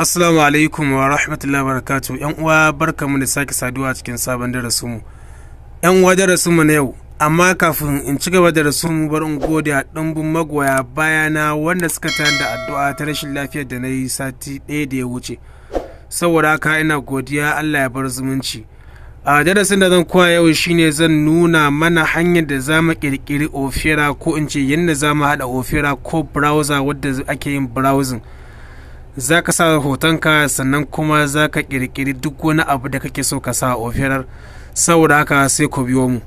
Assalamu alaikum wa rahmatullahi barakatu ‘yan uwa barka mu da sake saduwa cikin sabon darasinmu. ‘yan uwa darasinmu na yau, amma kafin in ci gaba da rasinmu bar in gode a ɗumbin magoya bayana wanda suka tayar da addu'a ta rashin lafiyar da na yi sati ɗaya da ya wuce. Saboda haka ina godiya Allah ya bar zumunci. A darasin da zan koya yau shine zan nuna mana hanyar da za mu ƙirƙiri ofira ko in ce yadda za mu haɗa ofira ko browser wadda ake yin browsing. za ka sa hotonka sannan kuma za ka kirkiri duk wani abu da kake so ka sa a saboda haka sai ku biyo mu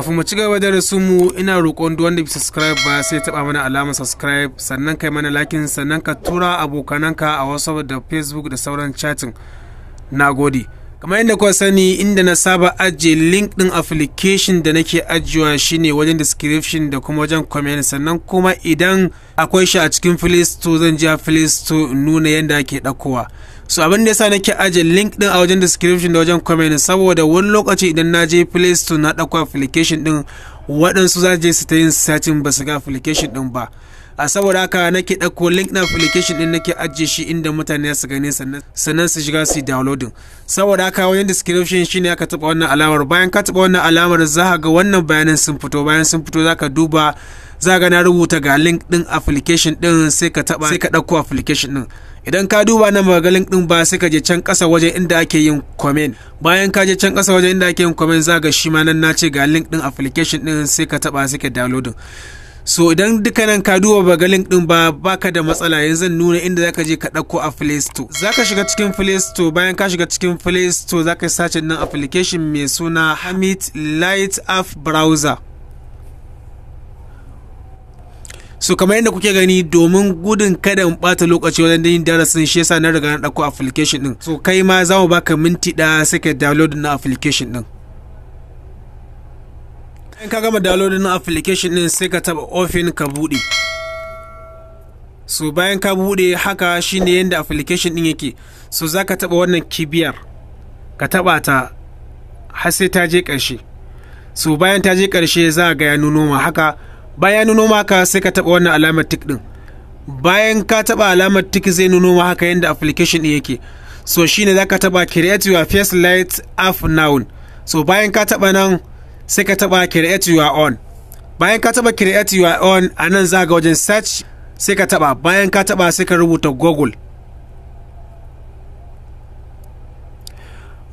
kafin mu ci gaba da mu ina roƙon duk wanda bi subscribe ba sai taba mana alamar subscribe sannan kai mana lakin sannan ka tura abokananka a WhatsApp da Facebook da sauran chatting nagode kamar yadda kuka sani inda na saba ajiye link din application da nake ajiyewa shine wajen description da kuma wajen comment sannan kuma idan akwai shi a cikin play store zan ji play store nuna yadda ake ɗaukowa so abin da yasa nake ajiye link din a wajen description da wajen comment saboda wani lokaci idan na je play store na dauko application din waɗansu za je su ta yin searching ba su ga application din ba a saboda haka nake ɗauko link na application ɗin nake ajiye shi inda mutane su gane sannan su shiga su downloading saboda haka wani description shine aka taɓa wannan alamar bayan ka taɓa wannan alamar za ka ga wannan bayanan sun fito bayan sun fito za ka duba za ka na rubuta ga link ɗin application ɗin sai ka taɓa sai ka ɗauko application ɗin idan ka duba na link din ba sai ka je can kasa wajen inda ake yin comment bayan ka je can kasa wajen inda ake yin comment za ga shi ma nan na ce ga link din application din sai ka taba sai ka downloading so idan duka nan ka duba ba galin din ba baka da matsala yanzu nuna inda zaka je ka dauko a Play Store zaka shiga cikin Play Store bayan ka shiga cikin Play Store zaka search nan application mai suna Hamid Light App Browser so kamar yadda kuke gani domin gudun kada in bata lokaci wajen yin darasin shi yasa na riga na dauko application din so kai ma za mu baka minti ɗaya sai ka download na application din in ka gama downloading application din sai ka taba ofin ka bude so bayan ka bude haka shine yadda application din yake so za ka taba wannan kibiyar ka taba ta har sai ta je ƙarshe so bayan ta je ƙarshe za ga ya nuno ma haka bayan nuno ma ka sai ka taba wannan alamar tick din bayan ka taba alamar tick zai nuno ma haka yadda application din yake so shine za ka taba create your first light app now so bayan ka taba nan sai ka taba create your own bayan ka taba create your own a nan za ga wajen search sai ka taba bayan ka taba sai ka rubuta google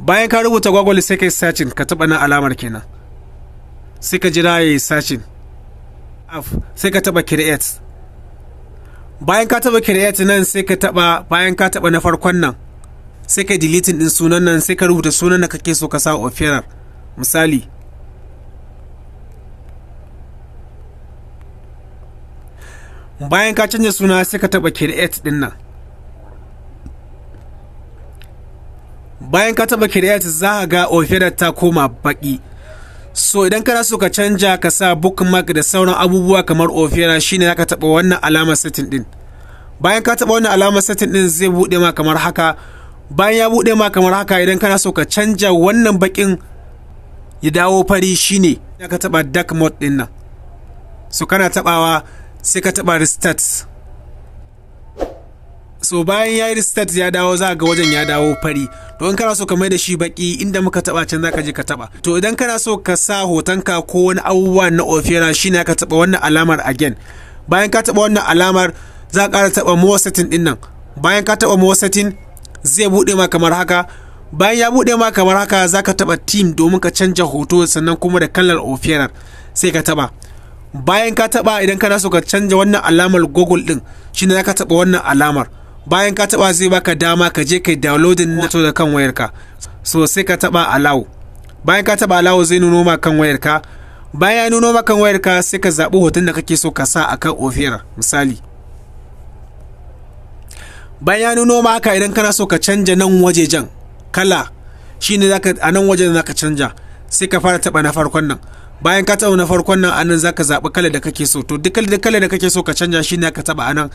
bayan ka rubuta google sai ka yi searching ka taba nan alamar kenan sai ka jira ya yi searching sai ka taba create bayan ka taba create nan sai ka taba bayan ka taba na farkon nan sai ka deleting din sunan nan sai ka rubuta sunan da kake so ka sa offerer misali bayan ka canja suna sai ka taba create din nan bayan ka taba create za ka ga ofedar ta koma baƙi so idan kana so ka canja ka sa bookmark da sauran abubuwa kamar ofera shine ka taba wannan alama setting din bayan ka taba wannan alama setting din zai bude ma kamar haka bayan ya bude ma kamar haka idan kana so ka canja wannan bakin ya dawo fari shine ka taba dark mode din nan so kana tabawa sai ka taɓa restart so bayan ya yi restart ya dawo za ga wajen ya dawo fari to in kana so ka mai da shi baki inda muka taba can za ka je ka taba to idan kana so ka sa hotonka ko wani abubuwa na ofera ne ka taba wannan alamar again bayan ka taba wannan alamar za ka ƙara taba more setting din nan bayan ka taba more setting zai bude ma kamar haka bayan ya bude ma kamar haka za ka taba team domin ka canja hoto sannan kuma da kallar oferar sai ka taba bayan ka taba idan kana so ka canja wannan alamar google din shine za ka taba wannan alamar bayan ka taba zai baka dama ka je kai downloading na to da kan wayarka so sai ka taba allow bayan ka taba allow zai nuno ma kan wayarka bayan ya nuno ma kan wayarka sai ka zabi hoton da kake so ka sa akan ofiyar misali bayan ya nuno ma haka idan kana so ka canja nan wajejen kala shine zaka a nan wajen zaka canja sai ka fara taba na farkon nan bayan ka taɓa na farkon nan anan zaka zaɓi kala da kake so to duk kala da kake so ka canja shi ne ka taɓa anan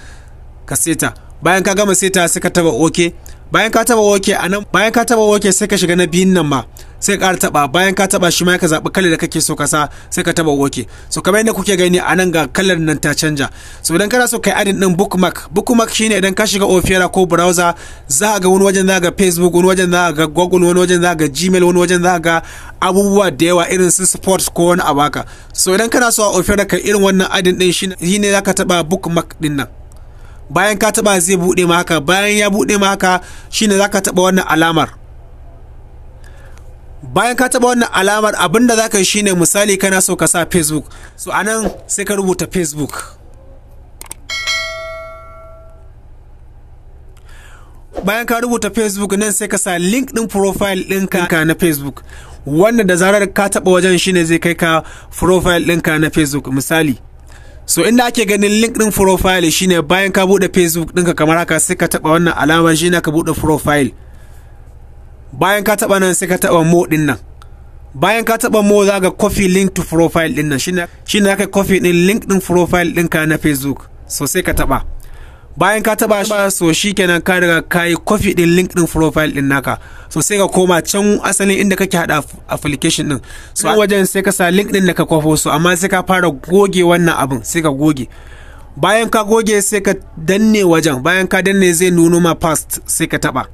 ka seta bayan ka gama seta sai ka taɓa oke bayan ka taɓa oke anan bayan ka taɓa oke sai ka shiga na biyun nan ma sai ka taba bayan ka taba shi ma ka zaɓi kalar da kake so ka sa sai ka taba woke so kamar yadda kuke gani a nan ga kalar nan ta canja so idan kana so kai adin din bookmark bookmark shine idan ka shiga opera ko browser za ga wani wajen za ga facebook wani wajen za ga google wani wajen za ga gmail wani wajen za ga abubuwa da yawa irin su sports ko wani abaka so idan kana so a opera ka irin wannan adin din shine za ka taba bookmark din nan bayan ka taba zai bude ma haka bayan ya bude ma haka za ka taba wannan alamar bayan ka taɓa wannan alamar abin da za ka yi shine misali kana so ka sa facebook so anan sai ka rubuta facebook bayan ka rubuta facebook nan sai ka sa link din profile ɗinka na facebook wanda da zarar ka taɓa wajen shine zai kai ka profile ɗinka na facebook misali so inda ake ganin link din profile shine bayan ka buɗe facebook ɗinka kamar haka sai ka taɓa wannan alamar shine ka buɗe profile bayan ka taɓa nan sai ka taɓa mo ɗin nan bayan ka taɓa mo za ka kofi link to profile ɗin nan shi ne aka kofi ɗin link ɗin profile ɗinka na facebook so sai ka taɓa bayan ka taɓa so shi kenan ka riga ka yi kofi ɗin link ɗin profile ɗin naka so sai ka koma can asalin inda kake haɗa application ɗin so wajen sai ka sa link ɗin da ka kofo so amma sai ka fara goge wannan abin sai ka goge bayan ka goge sai ka danne wajen bayan ka danne zai nuno ma past sai ka taɓa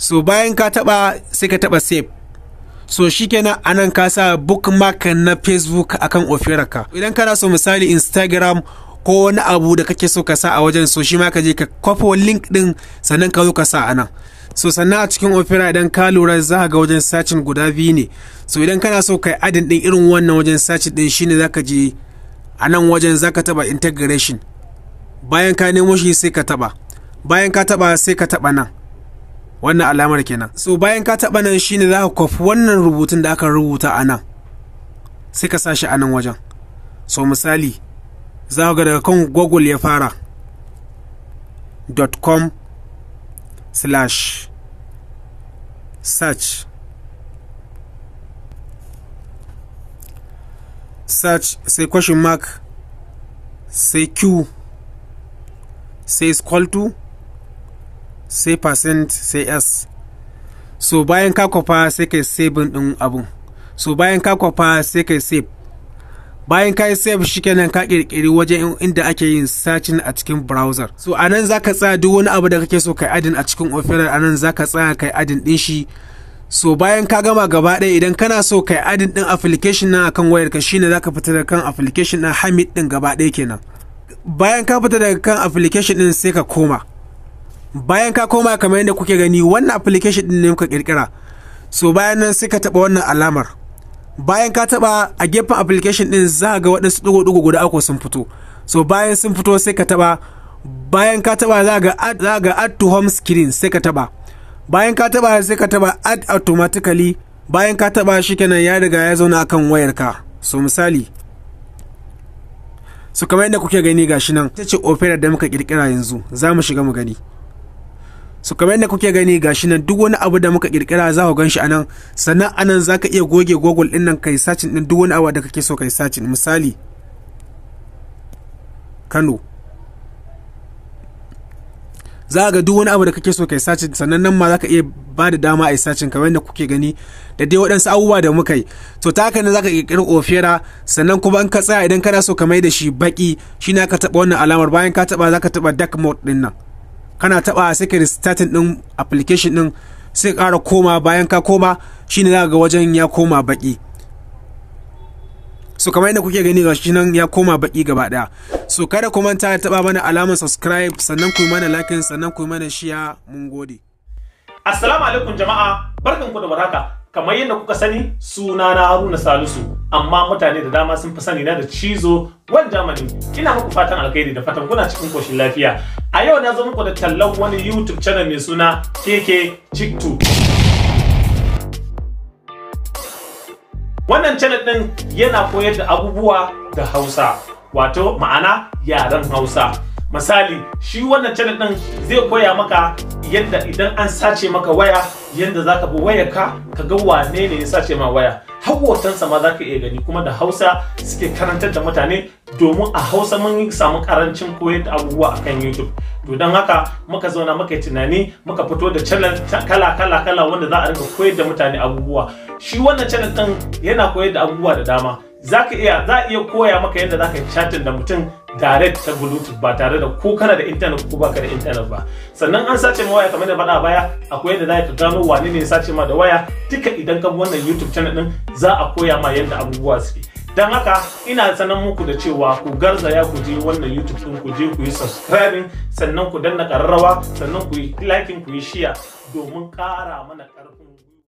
so bayan ka taba sai ka taba save so shikenan anan ka sa bookmark na facebook akan ofirarka idan kana so misali instagram ko wani abu da kake so ka sa a wajen so shi ma ka je ka kwafo link din sannan ka zo ka sa anan so sannan a cikin opera idan ka lura za ga wajen sacin guda biyu ne so idan kana so kai adin din irin wannan wajen sacin din shine ka je a nan wajen ka taba integration bayan ka nemo shi sai ka taba bayan ka taba sai ka taba nan wannan alamar kenan so bayan ka taɓa nan shine za ka kwafi wannan rubutun da aka rubuta a nan sai ka sa shi a nan wajen so misali za ga daga kan google ya fara dot com slash search search sai question mark sai q sai scroll to sai percent sai s so bayan ka kwafa sai kai saving din abun so bayan ka kwafa sai kai save bayan ka yi save shikenan ka kirkiri wajen inda ake yin searching a cikin browser so anan zaka tsaya duk wani abu da kake so kai adin a cikin opera anan zaka tsaya kai adin din shi so bayan ka gama gaba ɗaya idan kana so kai adin din application nan akan wayar ka shine zaka fita da kan application na hamid din gaba ɗaya kenan bayan ka fita daga kan application din sai ka koma bayan ka koma kamar yadda kuke gani wannan application din ne muka kirkira so bayan nan sai ka taba wannan alamar bayan ka taba a gefen application din za ka ga waɗansu dugo dugo guda uku sun fito so bayan sun fito sai ka taba bayan ka taba za ga add za ga add to home screen sai ka taba bayan ka taba sai ka taba add automatically bayan ka taba shikenan ya riga ya zauna akan wayarka so misali so kamar yadda kuke gani gashi nan ita ce opera da muka kirkira yanzu za mu shiga mu gani su kamar yadda kuke gani gashi nan duk wani abu da muka kirkira za ku ganshi anan sannan anan zaka iya goge google din nan kai sacin din duk wani abu da kake so kai sacin misali Kano za ga duk wani abu da kake so kai sacin sannan nan ma zaka iya ba da dama a yi sacin kamar yadda kuke gani da dai waɗansu abubuwa da muka yi to ta haka ne zaka kirkiri ofera sannan kuma in ka tsaya idan kana so ka mai da shi baki shine ka taba wannan alamar bayan ka taba zaka taba dark mode din nan kana taba a ka restarting din application din sai ƙara koma bayan ka koma shine za ga wajen ya koma baki so kamar yadda kuke gani gashi nan ya koma baki gaba daya so kada ku manta ta taba mana alamar subscribe sannan ku yi mana like sannan ku mana share mun gode assalamu alaikum jama'a barkanku da warhaka kamar yadda kuka sani sunana Haruna Salisu amma mutane da dama sun fi sani na da cizo wan jamani ina muku fatan alkhairi da fatan kuna cikin koshin lafiya a yau na zo muku da tallan wani youtube channel mai suna keke chick wannan channel din yana koyar da abubuwa da hausa wato ma'ana yaren hausa misali shi wannan channel din zai koya maka yadda idan an sace maka waya yadda zaka bi wayarka ka ga wane ne ya sace ma waya hawotansa ma za ka iya gani kuma da hausa suke karantar da mutane domin a hausa mun samu karancin koyar da abubuwa akan youtube to don haka muka zauna muka yi tunani muka fito da channel kala kala kala wanda za a rika koyar da mutane abubuwa shi wannan channel din yana koyar da abubuwa da dama za ka iya za iya koya maka yadda za ka yi chatting da mutum direct ta bluetooth ba tare da ko kana da internet ko baka da internet ba sannan an sace ma waya kamar da bada baya akwai yadda za ka gano wane ne sace ma da waya duka idan ka bi wannan youtube channel din za a koya ma yadda abubuwa suke dan haka ina sanar muku da cewa ku garzaya ku je wannan youtube din ku je ku yi subscribe sannan ku danna ƙararrawa sannan ku yi liking ku yi share domin kara mana ƙararrawa